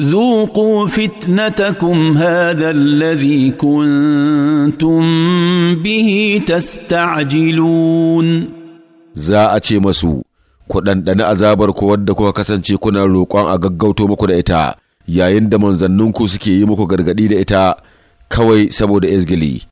ذوقوا فتنتكم هذا الذي كنتم به تستعجلون za a ce masu ku ɗanɗani azabar ku wadda kuka kasance kuna roƙon a gaggauto muku da ita yayin da manzanninku suke yi muku gargaɗi da ita kawai saboda izgili